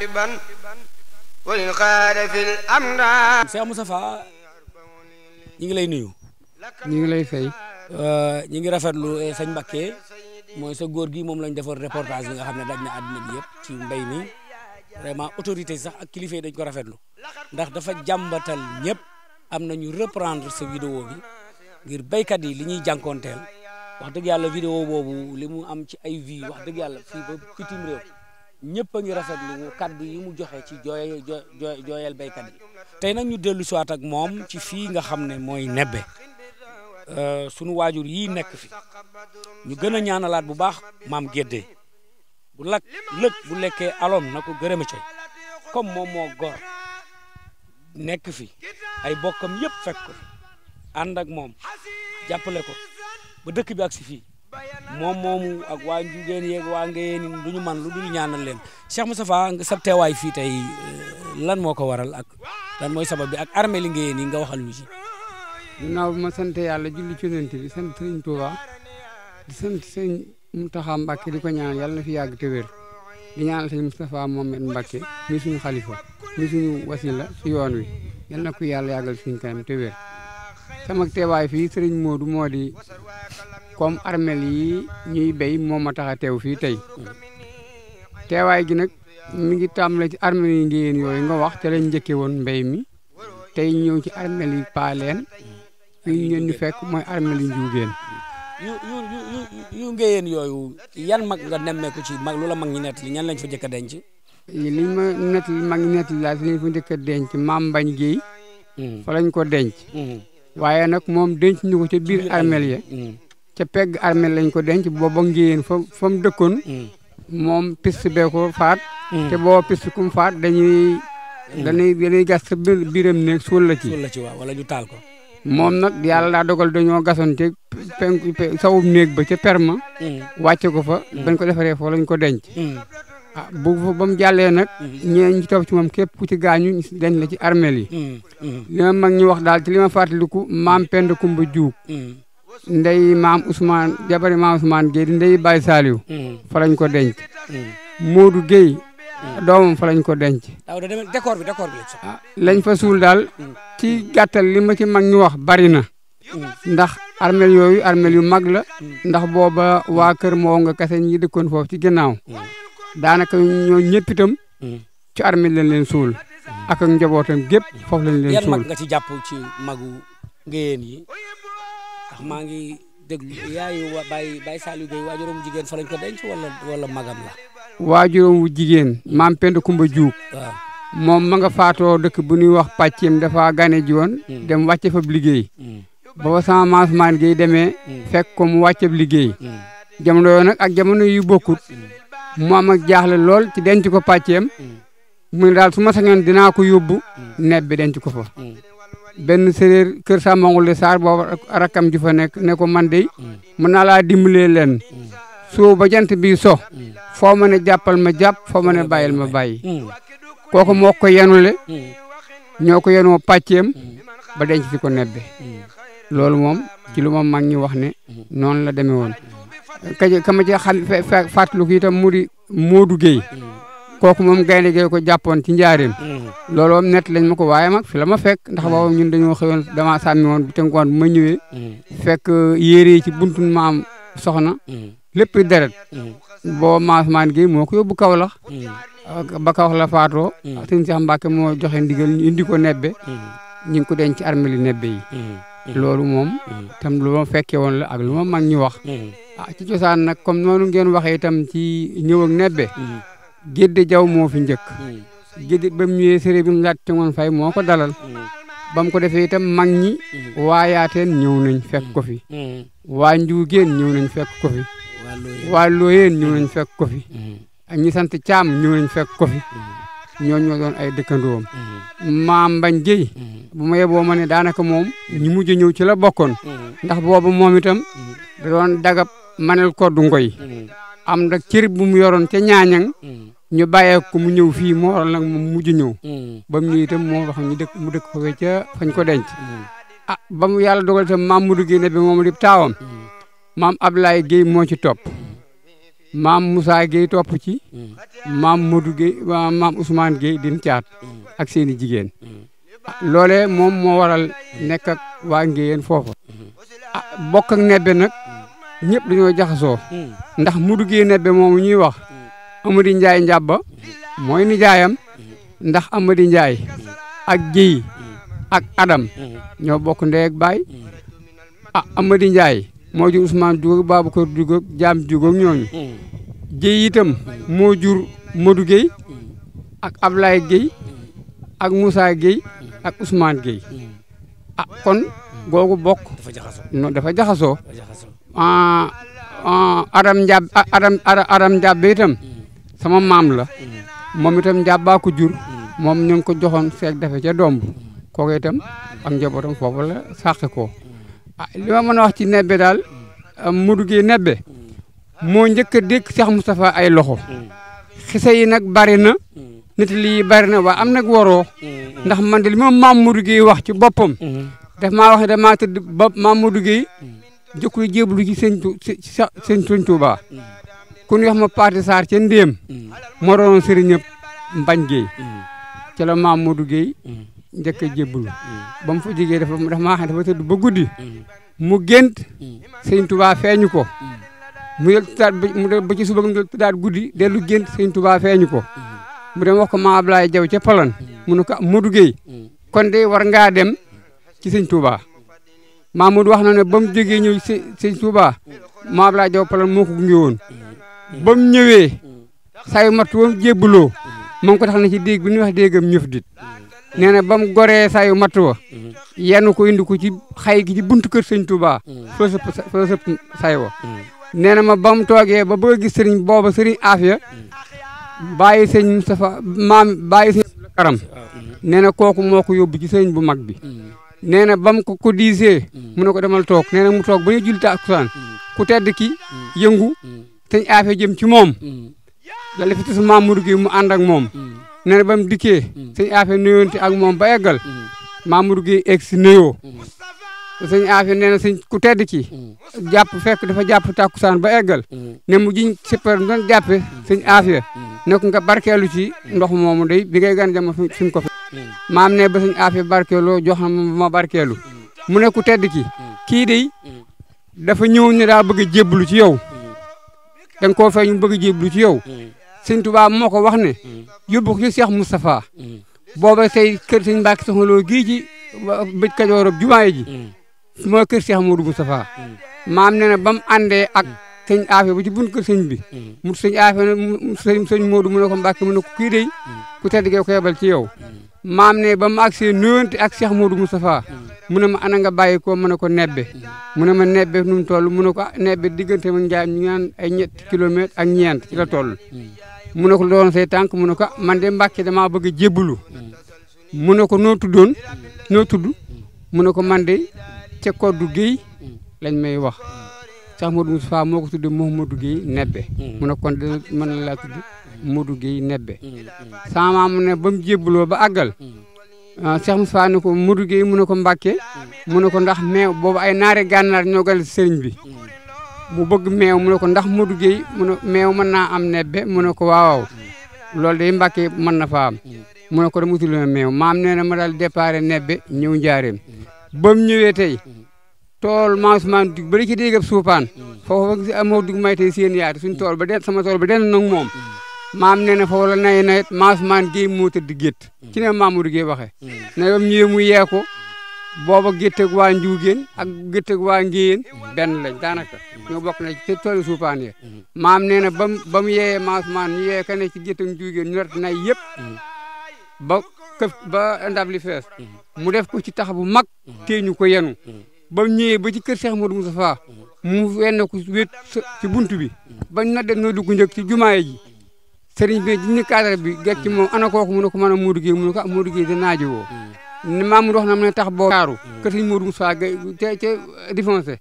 عاقبا ولن قال في الأمر Cheikh Moustapha ñi ngi lay nuyu ñi ngi lay fay euh, ñi ngi rafetlu euh, sëñ Mbacké mooy sa góor gi moom lañ defoon reportage bi nga xam ne daj ne àddina bi yëpp ci mbay mi vraiment autorité sax ak kilifa dañ ko rafetlu ndax dafa jàmbatal ñëpp am nañu ñu reprendre sa vidéo bi ngir béykat yi li ñuy jànkoonteel wax dëgg yàlla vidéo boobu li mu am ci ay vues wax dëgg yàlla fii ba bitim réew ñëpp a ngi rafetlu kaddu yi mu joxe ci jooy jooyal béykat yi. tey nag ñu dellu siwaat ak moom ci fii nga xam ne mooy nebbe euh, sunu waajur yii nekk fi ñu gën a ñaanalaat bu baax maam Gédé bu lakk lëg bu lekkee aloom na ko gërëma coy comme moom moo gor nekk fi ay bokkam yëpp fekk ko ànd ak moom jàppale ko ba dëkk bi ak si fii moom moomu ak waa Njugeen yeeg waa Ngayeen du ñu man lu dul ñaanal leen Cheikh Moustapha sa teewaay fii tey euh, lan moo ko waral ak lan mooy sabab bi ak armée li Ngayeen nga waxal ñu ci. naaw bi ma sant yàlla julli ci Yonent bi sant sëñ Touba di sant sëñ Mountakha Mbacké di ko ñaan yàlla na fi yàgg te wér di ñaanal sëñ Moustapha Mohamed Mbacké mi suñu xalifa mi suñu wasila si yoon wi yal na ko yàlla yàggal suñu kanam te wér sama teewaay fii sëriñ comme armel yi ñuy béy moom ma tax a teew fii tey teewaay gi nag mu ngi tàmbale ci armel yi ngeen yooyu nga wax ca lañ njëkkee woon mbéy mi tey ñëw ci armel yi paaleen yu ñu leen fekk mooy armel yi njuugeen yu yu yu yooyu yan mag nga nemmeeku ci mag lu mag ñi nett li ñan lañ fa njëkk a denc liñ ma nett li mag ñi nett li laa fi lañ fa njëkk a denc maam mbañ mm. fa lañ ko denc mm. waaye nag moom denc ñu ko ca biir armel ya ca pegg armeel lañ ko denc boobu ngéyeen fa fa mu dëkkoon mm. moom piste bee ko faat mm. te boo piste ku mu faat dañuy mm. dañuy dañuy gas sa biram néeg suul la ci waaw wala ñu taal ko moom nag yàlla daa dogal dañoo gasante penku sawum néeg ba ca perma wàcce ko fa bañ ko defaree foofu lañ ko denc ah bu ba mu jàllee nag ñeen ñi topp ci moom képp ku ci gaañu dañ la ci armel yi li ma mag ñu wax daal ci li ma fàttaliku maam pend kumba juug ndey maam Ousmane jabari maam Ousmane Gueye di ndey Baye Saliou. Mm. fa lañ ko denc. Mm. Modou Gueye. Mm. doomam fa lañ ko denc. waaw décor bi décor bi ah, fa suul daal. ci gàttal li ma ci mag ñu wax bari na. ndax armel yooyu armel yu mag la. ndax booba waa kër moo nga kese ñi dëkkoon foofu ci ginnaaw. daanaka ñoo ñëpp itam. ci armel leen suul. ak ak njabootam gépp foofu lañ leen suul maa ngi déglu yaayu wa Baye Baye Saliou Gueye waajuram jigéen fa lañ ko denc wala wala magam la. waajuram wu jigéen. maam Penda Kumba moom ma nga faatoo dëkk bu ñuy wax pàccem dafa gane ji woon. Hmm. dem wàcce fab liggéey. Hmm. booba sama maam Ousmane Gueye hmm. fekk ko mu wàcce liggéey. ak jamono yu bokkut. mu am ak jaaxle lool ci denc ko pàccem. mu daal su ma sañoon dinaa ko yóbbu. neb bi denc ko fa. benn séeréer kër Sambangule Sarr boobu rakkam ju fa nekk ne ko man de mën naa laa dimbalee leen soo ba jant bi so foo ma ne jàppal ma jàpp foo ma ne ma bàyyi kooku moo ko yenule ñoo ko yenoo pàcceem ba denc si ko nebbe loolu moom ci lu ma mag ñi wax ni noonu la demee woon ka ma ci xam mu di Modou Gueye kooku moom gaynde gee ko jàppoon ci njaareem. Mm. loolu moom nett lañ ma ko waaye mag fi la ma fekk ndax mm. boobu ñun dañoo xëyoon damaa sàmmi woon bu tënkoon bu ma ñëwee. Mm. fekk yi ci buntu maam soxna. lépp deret. boo maas maan gi moo ko bu kaw ba Kaolack la faatoo. sëñ Cheikh Mbacke moo joxe ndigal ñu indi ko nebbe. ñu ngi ko denc ci armeli nebbe yi. loolu moom. tam lu ma fekkee woon la ak lu ma mag ñu wax. ah ci cosaan nag comme noonu ngeen waxee itam ci ñëw ak gédde jaw moo fi njëkk hmm. gédde ba mu ñëwee sëriñ bi laaj te ngoon fay moo ko dalal hmm. ba mu ko defee itam mag ñi hmm. waayaateen ñëw nañ fekk ko fi waa njuugeen ñëw nañ fekk ko fi waa looyeen ñëw nañ fekk ko fi ñi sant caam ñëw nañ fekk ko fi ñooñu ñoo ay dëkkandoom maam mbañ jëy bu ma boo ma ne daanaka moom ñi mujj ñëw ci la bokkoon ndax boobu moom itam da doon dagab manel koddu ngoy am nag cër bu mu yoroon ca ñaañang mm. ñu bàyyee ko mu ñëw fii moo waral nag mu mujj ñëw mm. ba mu ñëw itam moo wax dëkk mu dëkk foofe ca fañ ko denc mm. ah ba mu yàlla dogal itam maam Modou Guèye Nebbe moom di taawam maam Ablaye Guèye moo ci topp maam Moussa Guèye topp ci maam mu Guèye maam Ousmane Guèye din caat ak seeni i jigéen ah loolee moom moo waral nekk ak waa Ngéyeen foofa ah Nebbe nag ñëpp dañoo jaxasoo hmm. ndax mu duggee nebbe moomu ñuy wax hmm. Amady Ndiaye Njàbba mooy nijaayam hmm. ndax Amady Ndiaye ak Géy ak Adam ñoo bokk ndey baay ah Amady Ndiaye moo jur usmaan Diouf ak Babacar Diouf ak Jaam Diouf ñooñu Géy itam moo jur Modou Géy ak Ablaye Géy ak Moussa Géy ak Ousmane Géy ah kon googu bokk dafa jaxasoo Adam Ndiab Adam Adam sama maam la moom itam Ndiab baa ko jur moom ñu ngi ko joxoon seeg defe ca doom domb kooku itam ak njabootam foofu la sàqi ko ah li mën a wax ci nebbe daal mudu gi nebbe moo njëkk a dékk Cheikh Moustapha ay loxo xise nag bari na nit lii bari na waa am nag waroo ndax man de li ma maam mudu gi wax ci boppam daf maa wax ne tëdd ba maam jëkkul jéblu ci sëñ sëñ sëñ Tuubaa ku ñu wax ma Paate Sarr ca Ndéem moo doon sëriñ Mbañ Géey ca la maam Modou Géey njëkk a jéblu mu fa jógee dafa dafa maa xam ba guddi mu gént feeñu ko mu yël tuddaat mu dem ba ci suba mu yël tuddaat guddi dellu gént sëñ feeñu ko mu dem wax ko ma Jaw ca mu ne ko Modou Géey kon de war ngaa dem ci sëñ Tuubaa Mahmoud wax na ne ba mu jógee ñëw si sëñ Touba maa Abdoulaye Diop Palal moo ko gunge woon ba mu ñëwee saa yu matt ba mu jébbaloo moo ngi ko tax na ci déeg bi ñuy wax déegam ñëf dit nee na ba mu goree saa mat wa yenn ko indi ko ci xay gi ci buntu kër sëñ Touba foo sëpp foo wa nee na ma ba toogee ba bëgg gis sëriñ booba sëriñ Afia bàyyi sëñ Moustapha maam bàyyi sëñ karam mm. nee na kooku moo ko yóbbu ci sëriñ bu mag bi mm. nee na ba mu ko ko diisee. Mm. mu ne ko demal toog nee na mu toog ba ñu julli takusaan mm. ku tedd ki mm. yëngu te aafe jëm ci moom. lala fi su mu ànd ak moom. nee na ba mu dikkee sëñ aafe nuyoonte ak moom ba eggal. Mamour Gueye egg si nuyoo. sëñ aafe nee na sëñ ku tedd ki. jàpp fekk dafa jàpp takusaan ba eggal. ne mu jiñ sëppar doon jàppe sëñ aafe. nekk nga barkeelu ci ndox moomu bi ngay gan ma fi mu ko fi maam ne ba suñ affaire barkeeloo jox na ma barkeelu mu ne ku tedd ki kii day dafa ñëw ne daa bëgg a ci yow da koo feeñ bëgg a ci yow sëñ Tuubaa moo ko wax ne yóbbu ko ci Cheikh Moustapha booba say kër sëñ Mbàkke Soxna Lo gii ci bëj Kajoor jumaa ji mooy kër Cheikh Modou Moustapha maam ne na ba mu ak sëñ aafe ba ci bunt kër sëñ bi mu sëñ aafe mu sëñ sëñ Moodu ko Mbàkke mun ne ko kii dey ku tedd ko yebal ci yow maam ne ba ma agsee nuyonte ak Cheikh Moodu Moustapha mu ne ma ana nga bàyyi ko mu ne ko nebbe mu ne ma nebbe nu mu toll mu ko nebbe diggante ma njaay ñu naan ay ñetti kilomètre ak ñeent ci la toll mu ne ko doon say tànk mun ne ko man de Mbàkke damaa bëgg a jébbalu mu ne ko noo tuddoon noo tudd mu ne ko man de ca koddu géy lañ may wax Cheikh Modou Moustapha moo ko tudde Mouhamadou Guèye Nebbe mm. mu ne kon de mën na laa tudd Modou Guèye Nebbe mm, mm. sama maam mu ne ba mu jébbaloo ba àggal ah, Cheikh Moustapha ne ko Modou Guèye mu ne ko Mbàkke mu ne ko ndax meew boobu ay naare gànnaar ñoo gën sëriñ bi mu bëgg meew mu ne ko ndax Modou Guèye mu ne meew mën naa am nebbe mu ne ko waaw loolu day Mbàkke mën na fa am mu ne ko mu tudd meew maam nee na ma daal déparé nebbe ñëw njaareem ba ñëwee tey tool maa Ousmane Diouf ba li ci déggab suufaan foofu si amoo dug may tey seen yaatu suñ tool ba den sama tool ba den moom maam nee na foofu la nay nawet maa Ousmane Gueye moo tëdd gétt ci ne Mamadou Gueye waxee ne bam mu yee ko booba gétteg waa Njuugeen ak gétteg waa Ngéyeen benn lañ daanaka ñoo bokk na ci toolu suufaan ye maam nee na bam ba mu yeeyee maa Ousmane ñu yee ka ne ci gétteg Njuugeen ñu ret nay yëpp ba këf ba ndab fees mu def ko ci tax bu mag tee ko yenu ba mu ñëwee ba ci kër Cheikh Modou Moustapha mu wenn ko wét ci bunt bi bañ na dem noo dugg njëkk ci jumaaye ji sëriñ bi ñu cadre bi gerte moom ana kooku mu ne ko mën a Modou Gueye mu ne ko ah Modou Gueye da naaje woo ne maam wax na mu ne tax boo kaaru kër sëriñ Modou Moustapha ca ca défoncé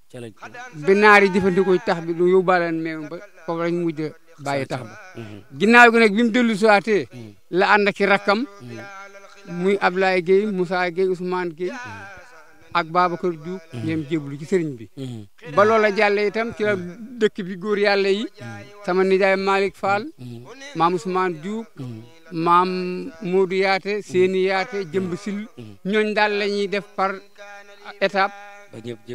bi naar yi jëfandikoo ci tax bi lu yóbbaale meewam ba foofu lañ mujj bàyyi tax ba ginnaaw gi nag bi mu dellu siwaatee mm. la ànd ak rakkam mm. muy Ablaye Gueye Moussa Gueye Ousmane Gueye mm. ak Babacar Diouf mm-hmm. ñoom jéblu ci sëriñ bi mm-hmm. ba loola jàlle itam ci la dëkk bi góor yàlla yi mm-hmm. sama nijaay Malick Fall maam Ousmane Diouf maam Modou Yaate Séni Yaate jëmb sil ñooñ daal la ñuy def par étape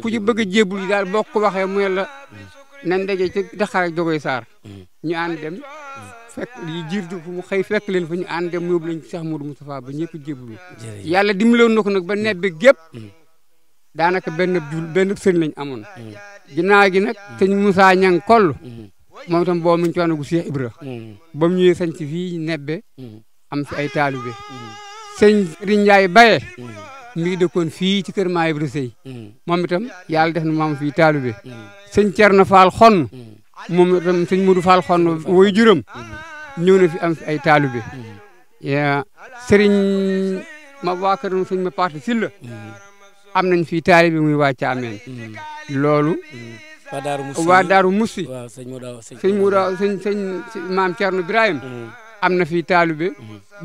ku ci bëgg a jéblu yi daal boo ko waxee mu la nañ daje ci daxaar ak jogoy saar ñu ànd dem fekk yi jiir di mu xëy fekk leen fu ñu ànd dem yóbbu lañ ci Cheikh Modou ba ñëpp jéblu yàlla dimbaloon na ko nag ba nebbe gépp daanaka benn benn sëriñ lañ amoon. ginnaaw gi nag sëñ Moussa Ñang koll moom itam boobu mu ngi ci wàllu Ibra. ba mu ñëwee sañ fii nebbe am fi ay taalibe. sëñ Sëriñ Ndiaye Baye. mi ngi dëkkoon fii ci kër Maa Ibra Sey. moom itam yàlla def na maam fii taalibe. sëñ Thierno Fall xonn moom itam sëñ Modou ñëw na fi am ay taalibe. sëriñ ma waa kër sëñ ma parti si am nañ fii taalibe muy waa Caameen loolu waa Daaru Musi sëñ Mudaa sëñ sëñ maam Cerno Ibrahim mm-hmm. am na fii taalibe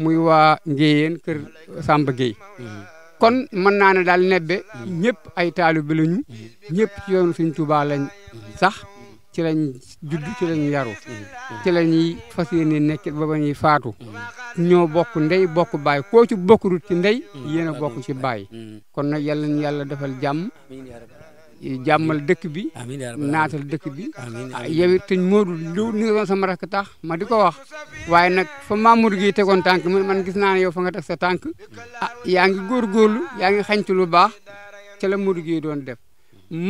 muy waa Ngéyeen kër Samba Gueye mm-hmm. kon mën naa ne daal nebbe mm-hmm. ñëpp ay taalibe lañu ñëpp ci yoonu sëñ Tuubaa lañ sax ci lañ judd ci lañ yaru ci lañuy fas yéene nekk ba ba ñuy faatu ñoo bokk ndey bokk baay koo ci bokkurut ci ndey yéen a bokk ci baay kon nag yàlla na yàlla defal jàmm jàmmal dëkk bi naatal dëkk bi yow it teñ Modou lu ni nga doon sama rakk tax ma di ko wax waaye nag fa Mamour gi tegoon tànk man gis naa ne yow fa nga teg sa tànk ah, yaa ngi góorgóorlu yaa ngi xañtu lu baax ca mu Modou Gueye doon def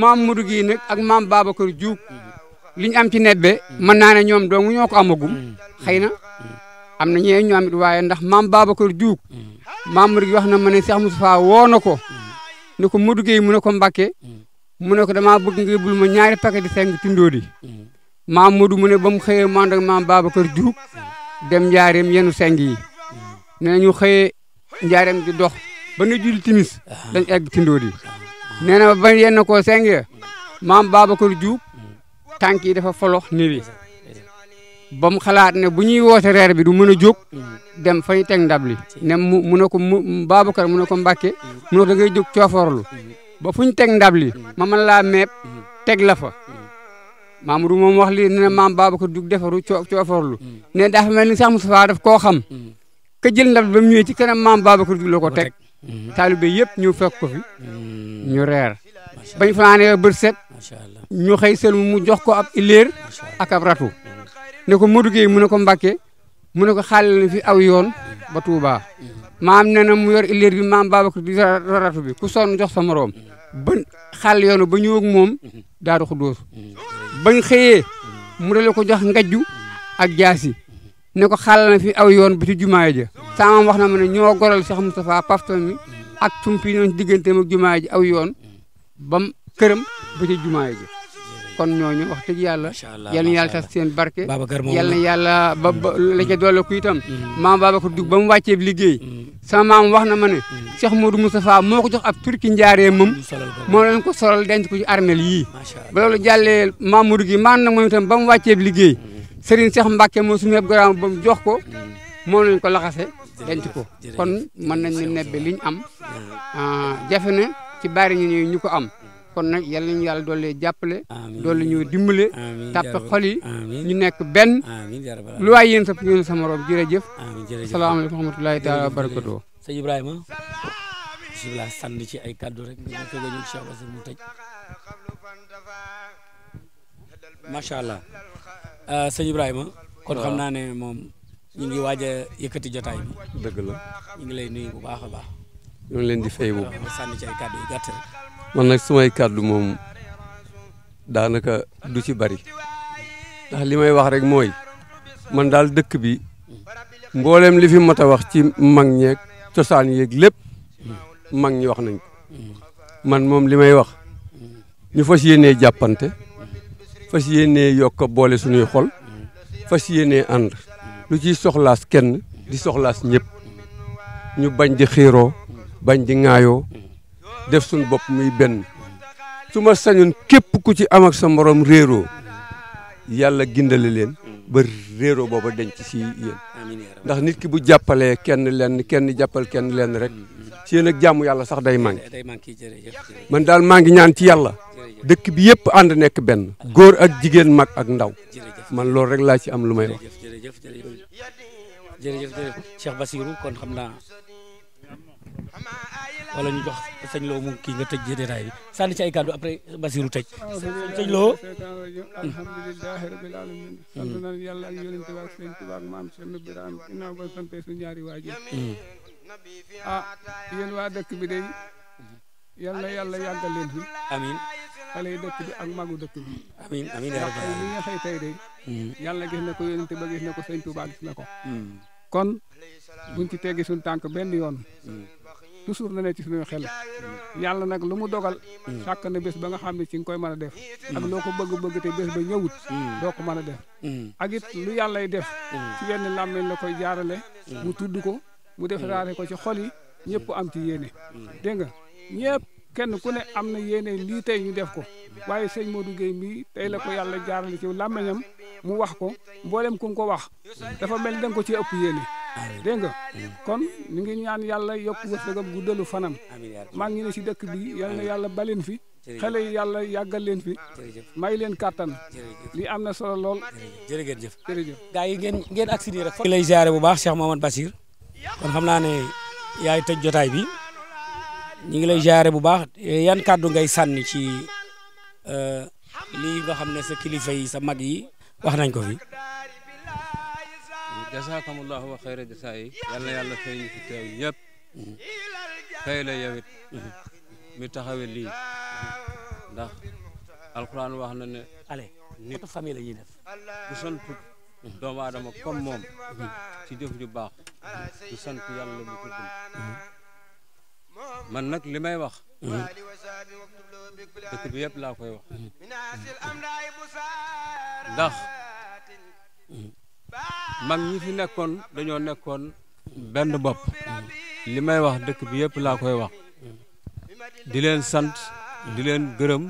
Mamour Gueye nag ak maam Babacar Diouf li ñu am ci nebbe mën naa ne ñoom dong ñoo ko amagum xëy na am na ñee ñu am waaye ndax maam Babacar Diouf maam Mouride wax na ma ne Cheikh Moustapha woo na ko ne ko Modou mu ne ko Mbacke mu ne ko damaa bëgg nga yóbbul ma ñaari paquet di seng tindoodi maam Modou mu ne ba mu xëyee mu ànd ak maam Babacar Diouf dem njaareem yenu seng yi nee ñu xëyee njaareem di dox ba nu julli timis dañ egg tindoodi nee na ba yenn koo seng maam Babacar Diouf tànk yi dafa folox niwi ba mu xalaat ne bu ñuy woote reer bi du mën a jóg dem fañ teg ndab li ne mu mu ne ko mu Babacar mu ne ko Mbàkke mu ne ko da ngay jóg cooforlu ba fu ñu teg ndab li ma mën laa meeb teg la fa Mamadou moom wax lii ne maam Babacar jug defaru coo cooforlu ne dafa mel ni sax Moustapha daf koo xam ka jël ndab ba mu ñëwee ci kanam maam Babacar jug la ko teg taalibe yépp ñu fekk ko fi mm. ñu reer bañ fanaanee bët set ñu xëy seen mu jox ko ab ileer ak ab ratu ne ko Modou Gueye mu ne ko Mbacke mu ne ko na fi aw yoon ba Touba maam nee na mu yor ileer bi maam Babacar di ratu bi ku sonn jox sa moroom ba xaal yoonu ba ñëw ak moom Daaru Xudóos bañ xëyee mu dale ko jox ngajju ak jaasi ne ko na fi aw yoon ba ci jumaa ja sama wax na ma ne ñoo goral Cheikh Moustapha Paftan mi ak tumpi noon digganteem ak aw yoon bam këram bu ca jumaa ji kon ñooñu wax dëgg yàlla yal na yàlla tas seen barke yal yàlla ba la ca doole ku itam mm. maam Babacar Diouf ba mu wàccee liggéey mm. sama maam wax na ma ne mm. Cheikh Modou Moustapha moo ko jox ab turki njaaree moom moo leen ko solal denc ko ci armel yii ba loolu jàllee maam Modou gi maan na moom ba mu wàccee liggéey Serigne Cheikh mbake moo suñu garaam ba mu jox ko moo leen ko laxase denc ko kon ma nañ ne nebbe liñ am ah, jafe na ci bari ñu ñu kon nag yal nañu yàlla doole jàppale. amiin doole ñu dimbale. amiin tàppe xol ñu nekk benn. lu waay yéen sa yéen sa morom jërëjëf. amiin jërëjëf salaamaaleykum wa rahmatulahi taala wa barakatu. sëñ Ibrahima. bisimilah ci ay kaddu rek ñu ko mu tëj. macha allah euh, sëñ Ibrahima. kon xam naa ne moom ñu ngi waaj a yëkkati jotaay bi. dëgg la ñu ngi lay nuyu bu baax a baax. ñu ngi leen di fay bu baax sànni ci ay kaddu yu gàtt rek. man nag sumay kàddu moom daanaka du ci bari ndax li may wax rek mooy man daal dëkk bi mbooleem li fi mot a wax ci mag ñeeg cosaan yéeg lépp mag ñi wax nañ ko man moom li may wax ñu fas yéenee jàppante fas yéenee yokk boole suñuy xol fas yéene ànd lu ciy soxlaas kenn di soxlaas ñëpp ñu bañ di xiiroo bañ di ŋaayoo def suñu bopp muy benn su ma sañoon képp ku ci am ak sa moroom réeroo yàlla gindale leen ba réeroo booba denc ci yéen ndax nit ki bu jàppalee kenn lenn kenn jàppal kenn lenn rek ci yéen ak jàmm yàlla sax day manqué man daal maa ngi ñaan ci yàlla dëkk bi yëpp ànd nekk benn góor ak jigéen mag ak ndaw man loolu rek laa ci am lu may wax jërëjëf jërëjëf wala ñu jox sëñ Lo mu kii nga tëj ci détail bi sànni ci ay kàddu après Basiru tëj. sëñ Lo alhamdulilah rabil alamin sant nañ yàlla ak yonent bi ak sëñ Tuubaa ak maam hmm. ah, waa dëkk bi day yal na yàlla yàggal leen fi amin xale yi dëkk bi ak magu dëkk bi amin amin ya rabbal alamin li nga xëy tey day yàlla hmm. gis na ko yonent ba gis na na ko hmm. kon buñ ci teggi suñu tànk benn yoon toujours na ne ci suñu xel yàlla nag lu mu dogal mm. sàkk na bés ba nga xam ne ci nga koy mën a def mm. ak loo ko bëgg-bëgg te bés ba ñëwut mm. doo ko mën a def ak it yàlla yàllay def ci wenn làmmeñ la koy jaarale mu tudd ko mu def raare ko ci xol yi ñëpp am ci yéene dégg nga ñëpp kenn ku ne am na yéene lii tey ñu def ko waaye sëñ Modou Gueye mii tey la ko yàlla jaarale ci làmmeñam mu wax ko mboolem ku ko wax dafa mel da nga ko ci ëpp yéene dégg nga kon ñu ngi ñaan yàlla yokk wërsëgam guddalu fanam maa ngi si dëkk bi yal na yàlla baleen fi xale yi yàlla yàggal leen fi may leen kàttan li am na solo lool jërëjëf jërëjëf gaa yi ngeen ngeen accident rek lay ziare bu baax Cheikh Mohamad Basir kon xam naa ne yaay tëj jotaay bi ñu ngi lay ziare bu baax yan kàddu ngay sànni ci euh, lii nga xam ne sa kilifa yi sa mag yi wax nañ ko fi جزاكم الله خير جزائي يلا يلا فين في التاوي يب خير يبت متخوي لي ده القرآن واحنا نعلي نتو فاميلا ينف بسن فوق دوما دوما كم موم تجف جباة بسن في يلا بكتب من نك لما يبخ تكتب يب لا كوي بخ ده mag ñi fi nekkoon dañoo nekkoon benn bopp li may wax dëkk bi yëpp laa koy wax di leen sant di leen gërëm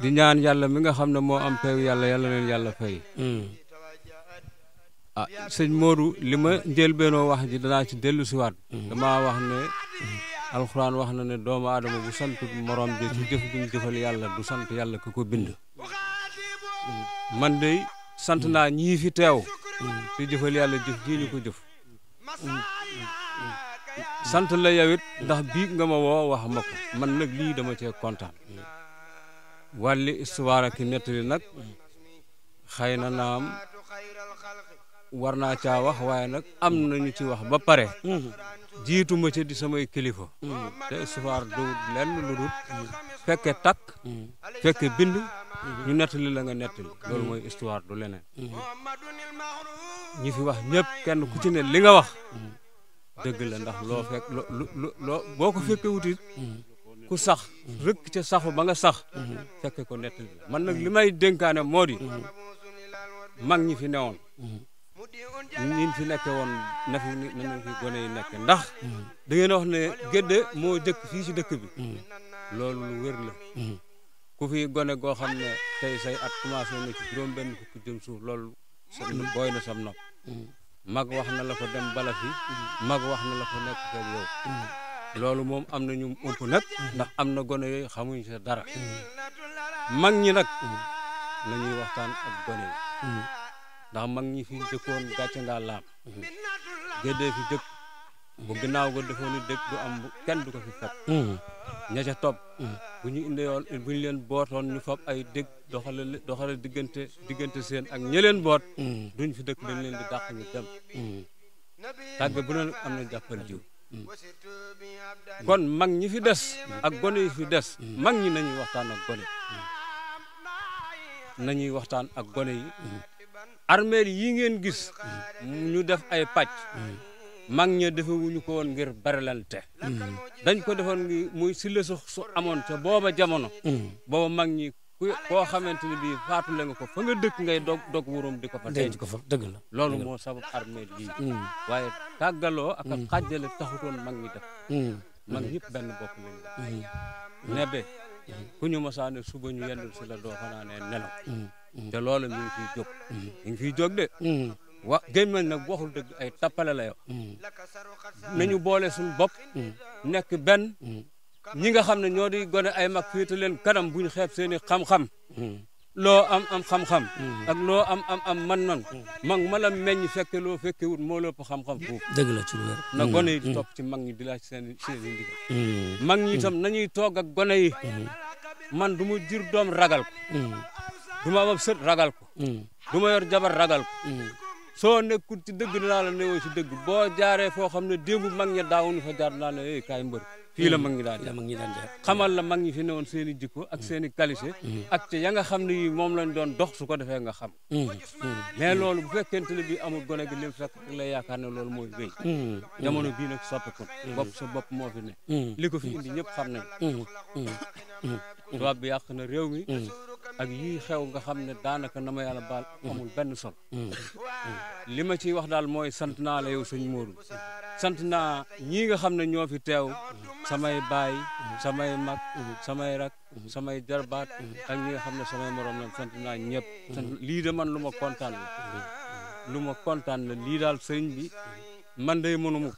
di ñaan yàlla mi nga xam ne moo am yàlla yàlla leen yàlla fay hmm. ah sëñ Modou li ma njëlbeenoo wax ji danaa ci dellu siwaat hmm. damaa wax ne alxuraan wax na ne doomu aadama bu sant morom ji ci jëf bi mu jëfal yàlla du sant yàlla ku ko bind hmm. man dey sant naa ñii fi teew di jëfal yàlla jëf jii ñu ko jëf sant la yow ndax bii nga ma woo wax ma ko man nag lii dama cee kontaan wàlli istuwaara ki nettali nag xëy na naam war naa caa wax waaye nag am na ñu ci wax ba pare jiituma ci di samay kilifa mm. te istifaar du lenn lu dul fekke takk mm. fekke bind mm-hmm. ñu nettali la nga nettali loolu mooy histoire du leneen mm-hmm. ñi fi wax ñëpp kenn ku ci li nga wax dëgg la ndax loo fekk loo loo boo ko fekke wutit mm-hmm. ku sax rëkk ca saxu ba nga sax fekke ko nettali man nag li may dénkaane moo di mag ñi fi newoon nin fi nekke woon na fi na fi gone yi nekk ndax da wax ne gédd moo dëkk fii si dëkk bi loolu lu wér la ku fi gone goo xam ne tey say at commencé na ci juróom benn fukki jëm suuf loolu sa booy na sam nopp mag wax na la ko dem bala fi mag wax na la ko nekk fek loolu moom am na ñu ëpp nag ndax am na gone yooyu xamuñ sa dara mag ñi nag nañuy waxtaan ak gone ndax mag ñi fi jëkkoon gàcce ngaa laam géddee fi jëkk bu ginnaaw ga defoon ni dëkk du am kenn du ko fi fekk ña ca bu ñu indee yoon bu ñu leen bootoon ñu fab ay dëkk doxale doxale diggante diggante seen ak ñi leen boot duñ fi dëkk dañ leen di dàq ñu dem tàgge bu leen am na jàppal jiw kon mag ñi fi des ak gone yi fi des mag ñi nañuy waxtaan ak waxtaan ak gone yi armeel yii ngeen gis ñu def ay pàcc mag ña defewuñu ko woon ngir baralante dañ ko defoon ngi muy si la su amoon te booba jamono booba mag ñi koo xamante ni bii faatu la nga ko fa nga dëkk ngay dog dog wurum di ko fa denc ko fa dëgg na loolu moo sabab armeel yi mm. waaye tàggaloo ak mm. xàjjale taxutoon mag ñi def mm. mag ñëpp benn bopp ne nebe ku ñu mosaane suba ñu yendul si la doo fanaanee te loolu mi ngi fiy jóg. fiy jóg de. Mm. wa gémmañ nag waxul dëgg ay tappale la yow. Mm. nañu boole suñu bopp. Mm. nekk benn. ñi nga xam ne ñoo di gone ay mag féete leen kanam bu ñu xeeb seen i xam-xam. loo am am xam-xam. ak loo am am am man nan mag ma la meññ fekke loo fekke wut moo lépp xam-xam foofu. dëgg la ci lu wér. na gone yi topp ci mag ñi di laaj seen seen i ndigal. mag ñi itam nañuy toog ak gone yi. man du mu doom ragal du ma am sët ragal ko. Mm. du ma yor jabar ragal ko. Mm. soo nekkul ci dëgg dinaa la newoo ci dëgg boo jaaree foo xam ne démb mag ña daawuñu fa jaar dinaa la eh kaay mbër. fii la mag ñi daan jaar xamal la mag ñi fi newoon seen i jikko ak seen i qualité. Mm. ak te ya xam ne moom lañ doon dox su ko defee nga xam. mais loolu bu fekkente ne bi amul gone gi lim sax la yaakaar ne loolu mooy wéy. jamono bii nag soppeeku. bopp sa bopp moo fi ne. li ko fi indi ñëpp xam nañ Mm. tubaab bi yàq na réew mi mm. ak yii xew nga xam ne daanaka na ma yàlla baal mm. benn sol li ma ciy wax daal mooy sant naa la yow sëñ Modou sant naa ñii nga xam ne ñoo fi teew samay baay samay mag samay rak samay jarbaat ak ñi nga xam ne samay morom lañ sant naa ñëpp lii de man lu ma kontaan la lii daal sëñ bi man day mënu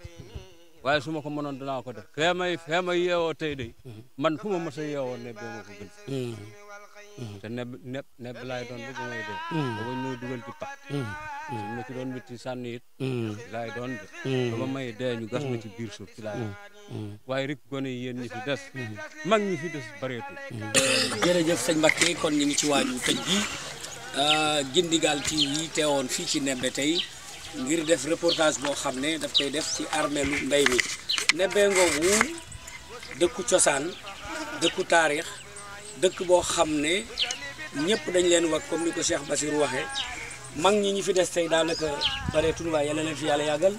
waaye suma ko mënoon dinaa ko def fee may fee yeewoo tey de man fu ma mës a yeewoo nebbe ma ko gën mm-hmm. te neb neb neb laay doon bu may dee booba mm-hmm. dugal ci pax mm-hmm. suñ ma ci doon witti sànni it laay doon de bama may dee gas ma ci biir suuf ci laay waaye rek gone yéen ñi fi des mag ñi fi des bareetul jërëjëf sëñ Mbacké kon ñu ngi ci waaju tëj bi ah, Gindigaal TV woon fii ci Nebe tey ngir def reportage boo xam ne daf koy def ci armeelu mbay mi Nebbe Ngogu dëkku cosaan dëkku taarix dëkk boo xam ne ñëpp dañ leen wax comme ni ko seex Basir waxee mag ñi ñi fi des tey daanaka bare tun waaye yàlla leen fi yàlla yàggal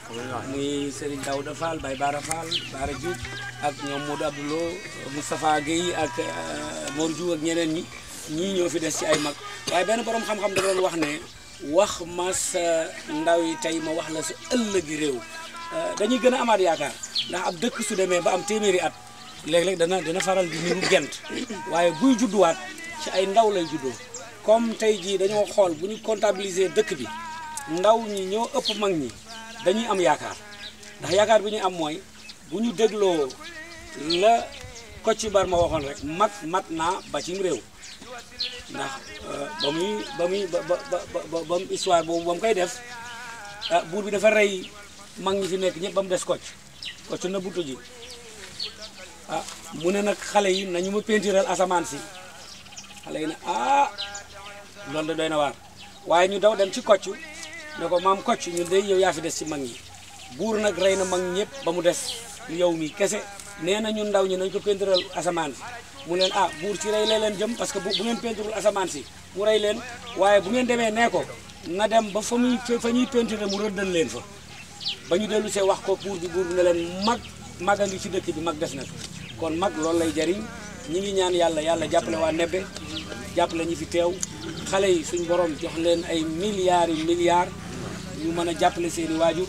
muy Serigne Daouda Fall Baye Bara Fall Bara Diouf ak ñoom Modou Abdoulo Moustapha Guèye ak euh, Mor Diouf ak ñeneen ñi ñii ñoo fi des ci ay mag waaye benn borom xam-xam da doon wax ne wax ma sa ndaw yi tey ma wax la sa ëllëgi réew euh, dañuy gën a amaat yaakaar ndax ab dëkk su demee ba am téeméeri at léeg-léeg dana dana faral di niru gent waaye buy judduwaat ci ay ndaw lay juddoo comme tey jii dañoo xool bu ñu comptabiliser dëkk bi ndaw ñi ñoo ëpp mag ñi dañuy am yaakaar ndax yaakaar bi ñu am mooy bu ñu dégloo la Kocc Barma waxoon rek mag mat naa ba cim réew ndax euh, ba muy ba muy ba ba ba histoire boobu ba mu koy def ah, buur bi dafa rey mag ñi fi nekk ñëpp ba mu des Kocc Kocc na butu ji ah mu ne nag xale yi ñu ma pentiral asamaan si xale yi ne ah loolu de doy na waar waaye ñu daw dem ci Kocc ne ko maam Kocc ñu de yow yaa fi des ci mag yi buur nag rey na mag ñëpp ba mu des yow mii kese nee na ñun ndaw ñi nañ ko péntural asamaan si mu leen a ah, buur si rey la leen jëm parce que bu ngeen pénturul asamaan si mu rey leen waaye bu ngeen demee nee ko na dem ba fa muy fa ñuy pénturé mu rëddal leen fa ba ñu dellu wax ko buur bi buur bi leen mag mag a ngi ci dëkk bu mag des na kon mag loolu lay jariñ ñi ngi ñaan yàlla yàlla jàppale waa Nebbe jàppale ñi fi teew xale yi suñ borom jox leen ay milliards yu milliards ñu mën a jàppale seeni waajur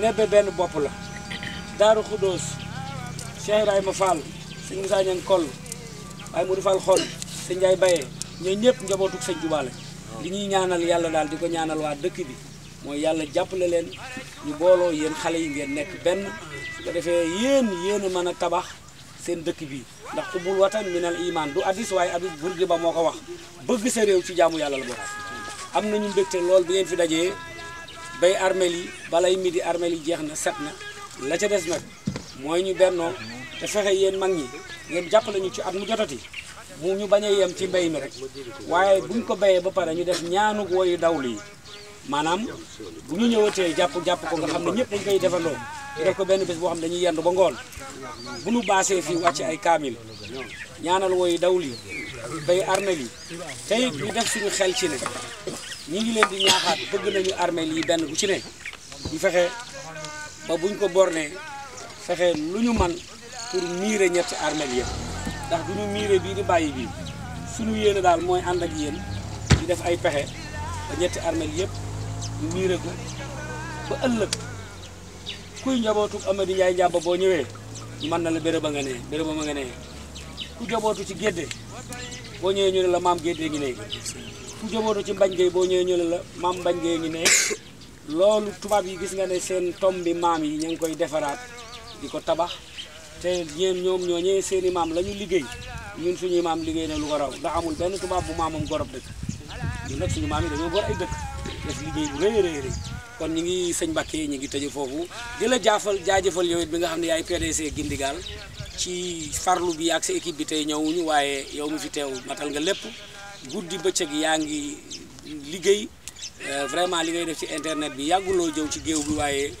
Nebbe benn bopp la Cheikh Ibrahima Fall sëñ Moussa Niang Koll waaye Modou Fall Xol sëñ Ndiaye Baye ñooñu ñëpp njabootug sëñ Touba la li ñuy ñaanal yàlla daal di ko ñaanal waa dëkk bi mooy yàlla jàppale leen ñu booloo yéen xale yi ngeen nekk benn su ko defee yéen yéen a mën a tabax seen dëkk bi ndax xubul watan minal iman du addis waaye addis burgi ba moo ko wax bëgg sa réew ci jaamu yàlla la bokk am na ñu mbégte lool bi ngeen fi dajee bay armel yi balay midi armel yi jeex na set na la ca des nag mooy ñu bennoo te fexe yéen mag ñi ngeen jàppale ñu ci at mu jotati mu ñu bañ a yem ci mbéy mi rek waaye buñ ko béyee ba pare ñu def ñaanu woyu daw yi maanaam bu ñu ñëwatee jàpp jàpp ko nga xam ne ñëpp dañ koy defandoo def ko benn bés boo xam ne dañuy yendu ba ngoon bu ñu baasee fii wàcc ay kaamil ñaanal woyu dawlu yi bay armel yi tey ñu def suñu xel ci ne ñi ngi leen di ñaaxaat bëgg nañu armel yi benn bu ci ne ñu fexe ba buñ ko bornee fexe lu ñu man pour miire ñetti armeel yëpp ndax du ñu miire bii di bàyyi bii suñu yéene daal mooy ànd ak yéen di def ay pexe ba ñetti armeel yëpp miire ko ba ëllëg kuy njabootu Amady Ndiaye Njàmba boo ñëwee mën na la béréb a nga nee béréb a ma nga nee ku jabootu ci gédde boo ñëwee ñu ne la maam gédde ngi ne ci mbañ boo ñëwee ñu la maam mbañ gay ngi ne loolu tubaab yi gis nga ne seen tom bi maam yi ña ngi koy defaraat di ko tabax te ñeen ñoom ñoo ñee seen i maam la ñu liggéey ñun suñuy maam liggéey na lu ko raw ndax amul benn tubaab bu maamam gorob dëkk ñun nag suñu maam yi dañoo gor ay dëkk def liggéey bu rëy rëy rëy kon ñi ngi sëñ Mbacke ñi ngi tëje foofu di la jaafal jaajëfal yow it bi nga xam ne yaay PDC Gindigaal ci farlu bi ak sa équipe bi tey ñëwuñu waaye yow mi fi teew matal nga lépp guddi bëccëg yaa ngi liggéey euh, vraiment li ngay def ci internet bi yàgguloo jëw ci géew bi waaye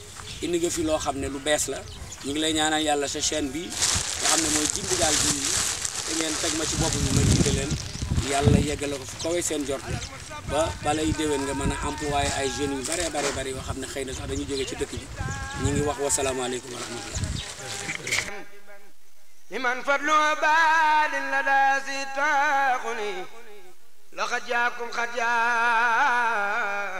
indi nga fi loo xam ne lu bees la ñu ngi lay ñaanal yàlla sa chaîne bi nga xam ne mooy Jimbinaal bi te ngeen teg ma ci bopp bi ma jiite leen yàlla yeggale ko fu kawe seen jort ba balay déwén nga mën a waaye ay jeunes yu bare bare bare yoo xam ne xëy na sax dañu jóge ci dëkk bi ñu ngi wax wasalaamaaleykum wa rahmatullah لمن فضل بال لدى ستاخني لقد جاكم خجاء